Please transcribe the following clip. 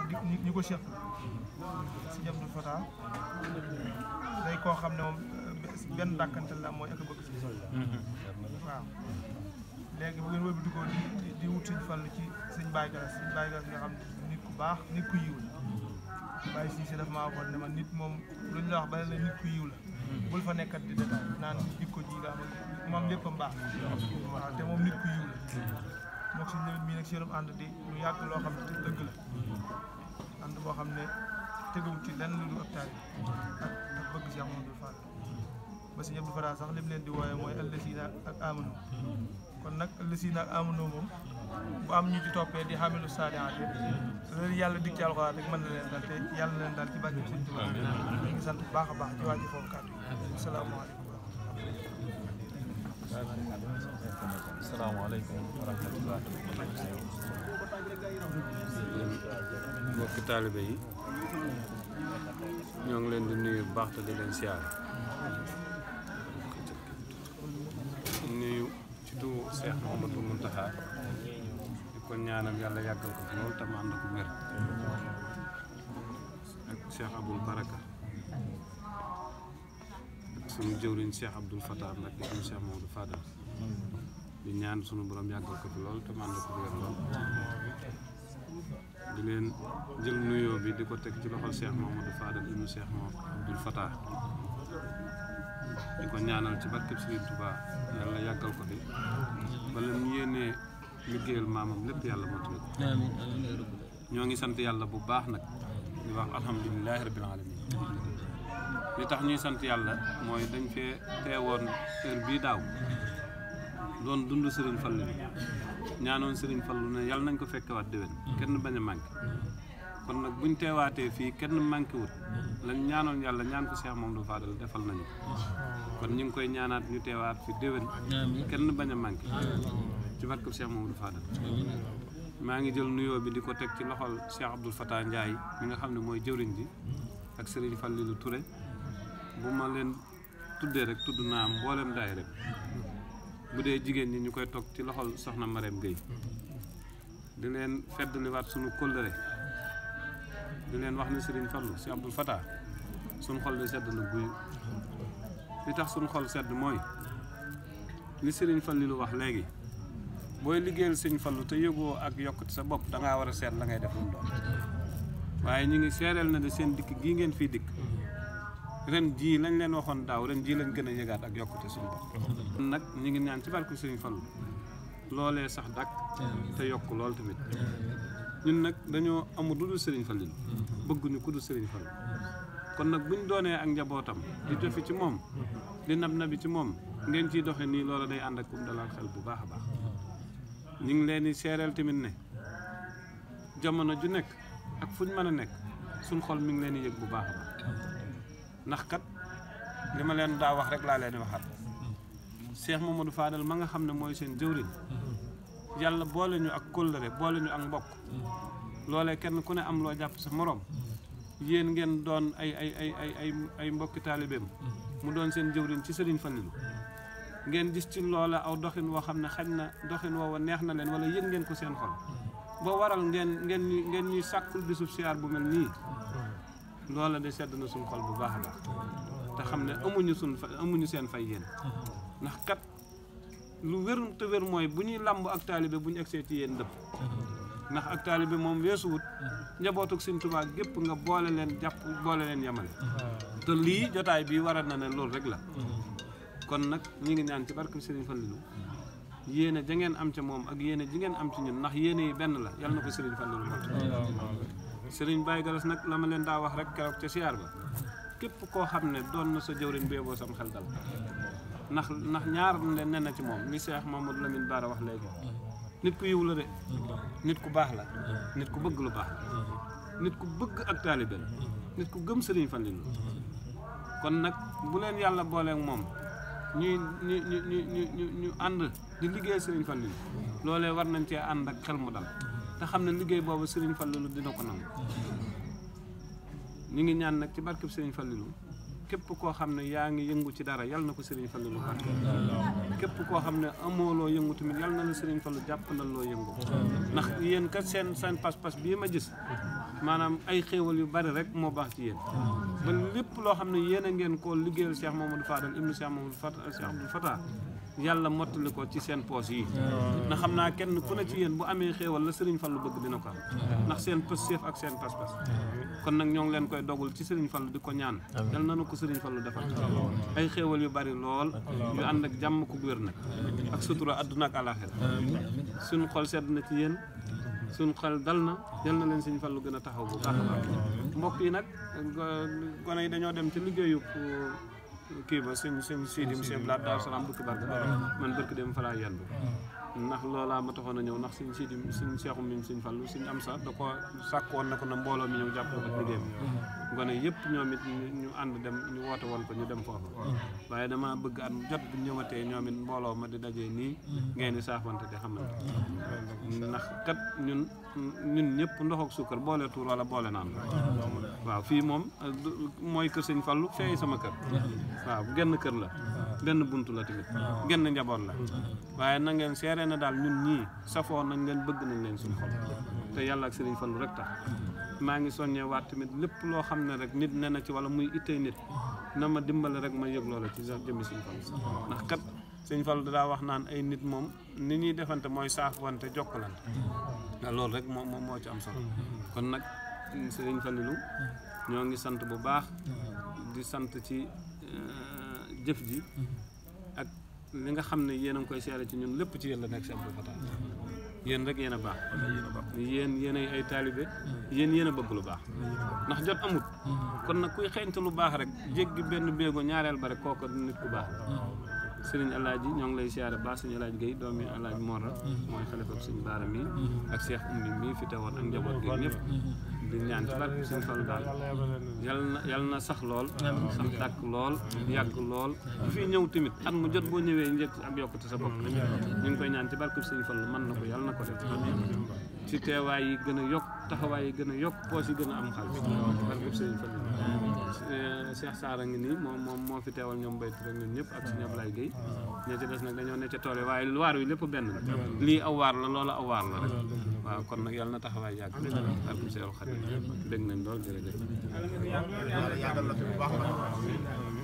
ndax di ñi ko seq si Abdou Fatah day koo xam ne moom euh, benn dàkkantal la mooy ak bëgg si mm-hmm. waaw léegi bu ngeen wëlbati ko di di wut ci sëñ Baye Galas sëñ Baye Galas nga xam ne nit ku baax yiw la Baye ma nit moom lu ñu la ba ne la nit mm-hmm. fa nekkat di détail naan jikko ji nga xam moom lépp a mbaax waaw te moom nit ku yiw la moom si nawet mii nag si yërëm ànd di lu yàgg loo xam ne dëgg la cant boo xam ne teguwul ci lenn lu ab taal ak ak bëgg Cheikh si Abdou Fara lim leen di wooye mooy ëllësiina ak amanu kon nag ëllësiina ak amanu moom bu am ñu ci toppee di xamilu saalihaat loolu yàlla dig ci alxuraan rek mën na leen daal te yàlla na leen daal ci bàcc Sëñ Tuubaa ñu ngi sant bu baax a baax ci wàcc foofu kàddu yi asalaamaaleykum salaamaaleykum wa mbokki taalibe yi ñoo ngi leen di nuyu baax te di leen siyaare nuyu ci tu Seex Muhammadu Muntaxa di ko ñaanal yàlla yàggal ko fi loolu tam ànd ko wér ak Seex Abul Baraka ak suñu Seex Abdul Fattah nag di suñu Seex Maodo Fadal di ñaan sunu boroom yàggal ko fi loolu tam ànd ko wér lool di leen jël nuyoo bi di ko teg ci loxol Cheikh Mamadou Fadal ibnu Cheikh Mamadou Abdoul Fatah di ko ñaanal ci barkeb Serigne Touba yàlla yàggal ko fi ba leen yéenee liggéeyal maamam lépp yàlla mootali ko ñoo ngi sant yàlla bu baax nag di wax alhamdulilahi rabbil alamin li tax ñuy sant yàlla mooy dañ fee teewoon heure bii daaw doon dund Serigne Fallou ñaanoon Serigne Fallou ne yàlla nañ ko fekkee fekkewaat déwén kenn bañ a manqué kon nag buñ teewaatee fii kenn manqué wut lañ ñaanoon yàlla ñaan ko Cheikh Mamadou Fadal defal nañu kon ñu ngi koy ñaanaat ñu teewaat fi déwén kenn bañ a manqué ci barkeb Cheikh Mamadou Fadal maa ngi jël nuyoo bi di ko teg ci loxol Cheikh Abdoul Fatah Ndiaye mi nga xam ne mooy jëwriñ ji ak Serigne Fallilou ture bu ma leen tuddee rek tudd naa mboolem daay rek bu dee jigéen ñi ñu koy toog ci loxol soxna Marème Gueye di leen feddaliwaat suñu kóllëre di leen wax ni Serigne Fallou si Abdoul Fatah suñ xol di sedd na guy li tax suñ xol sedd mooy li Serigne Fallou lu wax léegi booy liggéeyal Serigne Fallou te yëgoo ak yokkute sa bopp dangaa war a seet la ngay def lu mu waaye ñu ngi seereel na de seen dikk gii ngeen fii dikk ren jii lañ leen waxoon daaw ren jii lañ gën a yëgaat ak yokkute suñu bopp mm-hmm. nag ñu ngi ñaan ci barke Sëriñ Fallu loolee sax dàq te yokk lool tamit ñun nag dañoo amul lu dul Sëriñ Fallu mm-hmm. bëgguñu ku dul Sëriñ Fallu kon nag buñ doonee ak njabootam di defi ci moom mm-hmm. di nab nabi ci moom ngeen ciy doxe nii loola day ànd ak kum dalal xel bu baax a baax ñu ngi leen di seereel tamit ne jamono ju nekk ak fuñ mën a nekk suñ xol mi ngi leen di yëg bu baax a baax ndax kat li ma leen daa wax rek laa leen di waxaat Cheikh Mamadou Fadal ma nga xam ne mooy seen jëwriñ yàlla boole ñu ak kóllëre boole ñu ak mbokk loole kenn ku ne am loo jàpp sa moroom yéen ngeen doon ay ay ay ay ay ay mbokki taalibeem mu doon seen jëwriñ ci Serigne Fallilou ngeen gis ci loola aw doxin woo xam ne xañ na doxin woowa neex na leen wala yëg ngeen ko seen xol boo waral ngeen ngeen ngeen ñuy sàkkul bisub siyaar bu mel nii loola de sedd na suñ xol bu baax a te xam ne amuñu suñ amuñu seen fay yéen ndax kat lu wér te wér mooy bu ñuy làmb ak taalibe bu ñu egsee ci yéen dëpp ndax ak taalibe moom weesuwut njabootuk Sëñ Tuubaa gépp nga boole leen jàpp boole leen yemale te lii jotaay bii waral na ne loolu rek la kon nag ñu ngi ñaan ci barke Sëriñ Fallilu yéene ja ngeen am ca moom ak yéene ji ngeen am ci ñun ndax yéene yi benn la yàlla na ko Sëriñ Fallilu sëriñ Baye Galas nag la ma leen daa wax rek keroog ca siyaar ba képp koo xam ne doon na sa jëwriñ beeboo sam xel dal ndax ndax ñaar leen nen na ci moom moom Cheikh Mamadou Lamine Bara wax léegi nit ku yiw la de nit ku baax la nit ku bëgg lu baax la nit ku bëgg ak taalibe la nit ku gëm sëriñ Fallilu kon nag bu leen yàlla booleeg moom ñuy ñu ñu ñu ñu ñu ànd di liggéey sëriñ Fallilu loole war nañ cee ànd ak xel mu dal te xam ne liggéey boobu Serigne Fallou dina ko nangu ñu ngi ñaan nag ci barkeb Serigne Fallou képp koo xam ne yaa ngi yëngu ci dara yal na ko Serigne Fallou barke képp koo xam ne amoo loo yëngu tamit yal na la Serigne Fallou jàppandal loo yëngu ndax yéen ka seen seen pas-pas bii ma gis maanaam ay xéewal yu bari rek moo baax ci yéen ba lépp loo xam ne yéen a ngeen koo liggéeyal Cheikh Mamadou Fadal ibnu Cheikh Mamadou Fata Cheikh Abdou Fata yàlla mottali ko ci seen poos yi na xam naa kenn ku ne ci yéen bu amee xéewal la Serigne lu bëgg dina ko am ndax seen pësséef ak seen pas-pas kon nag ñoo ngi leen koy dogul ci sëriñ Serigne lu di ko ñaan yal na nu ko sëriñ Fallou defal ay xéewal yu bari lool ànd ak jàmm ku wér nag ak sutura àdduna ak àlaaxira suñu xol sedd na ci yéen suñ xel dal na yal na leen Serigne lu gën a taxaw bu baax a baax mbokk yi nag gone yi dañoo dem ci liggéeyu kii ba sëñ sëñ Sidi mu sëñ Blaat Daaru Salaam bukki barke man barke dem fa laa yendu ndax loolaa ma taxoon na ñëw ndax suñ siidi suñ seexum mi suñ fallu suñ am sax da ko sàkkoon na ko na mbooloo mi ñëw jàppale ko liggéey bi mm-hmm. yëpp ñoom ñu ànd dem ñu woote woon ko ñu dem foofu mm-hmm. waaye dama bëgg at jot bu ñëwatee ñoom mbooloo ma di dajee nii mm-hmm. ngeen di saafante di xamante ndax kat ñun ñun ñëpp ndox ak suukar boole tuur wala boole naan waaw fii moom mooy kër sëñ fallu feey sama kër waaw genn kër la benn bunt la tamit genn njaboot la waaye na ngeen seere na daal ñun ñii safoo nañ leen bëgg nañ leen suñu xol te yàlla ak sëriñ Fallu rek maa ngi soññee waat tamit lépp loo xam ne rek nit na ci wala muy ittey na ma dimbale rek ma yëg loola ci jëmmi sëriñ Fallu ndax kat sëriñ wax naan ay nit moom ni ñuy defante mooy saaf wante jokkalante loolu rek moo moo ci am solo kon nag sëriñ Fallu ñoo ngi sant bu baax di sant ci jëf ji mhm. ak li nga xam ne yéen a ngi koy seere ci ñun lépp ci yéen la nekk Cheikh Abdou Fatah yéen rek yéen a baax mhm. yéen yéen ay ay taalibe mhm. yéen yéen a bëgg lu baax ndax jot amut kon nag kuy xeeñte lu baax rek jéggi benn béego ñaareel ba rek kooku nit ku baax sëriñ alaaji ñoo ngi lay siyaare baax suñu alaaji Guèye doomi alaaji Mor la mooy xalifab suñu Baara mi ak Cheikh Oumy mii fi teewoon ak njaboot gi ñëpp di ñaan ci barke suñu Fallu daal yal na yal na sax lool sax dàkk lool yàgg lool bu fi ñëw tamit at mu jot boo ñëwee njëkk ak yokkute sa bopp tamit ñu ngi koy ñaan ci barke suñu Fallu man na ko yal na ko def ci teewaay yi gën a taxawaay yi gën a yokk poos yi gën a am xaalis barke suñu Fallu eh, Cheikh Saara ngi nii moom moom moo fi teewal ñoom béytu rek ñun ñëpp ak suñu Ablaye Gueye ñe ci des nag dañoo ne ca tool yi waaye waar wi lépp benn lii aw waar la loolu aw waar la waaw kon nag yàlla na taxawaay yàgg. amiin seexul xadim dégg nañ lool jërëjëf. yàlla yàggal la fi bu baax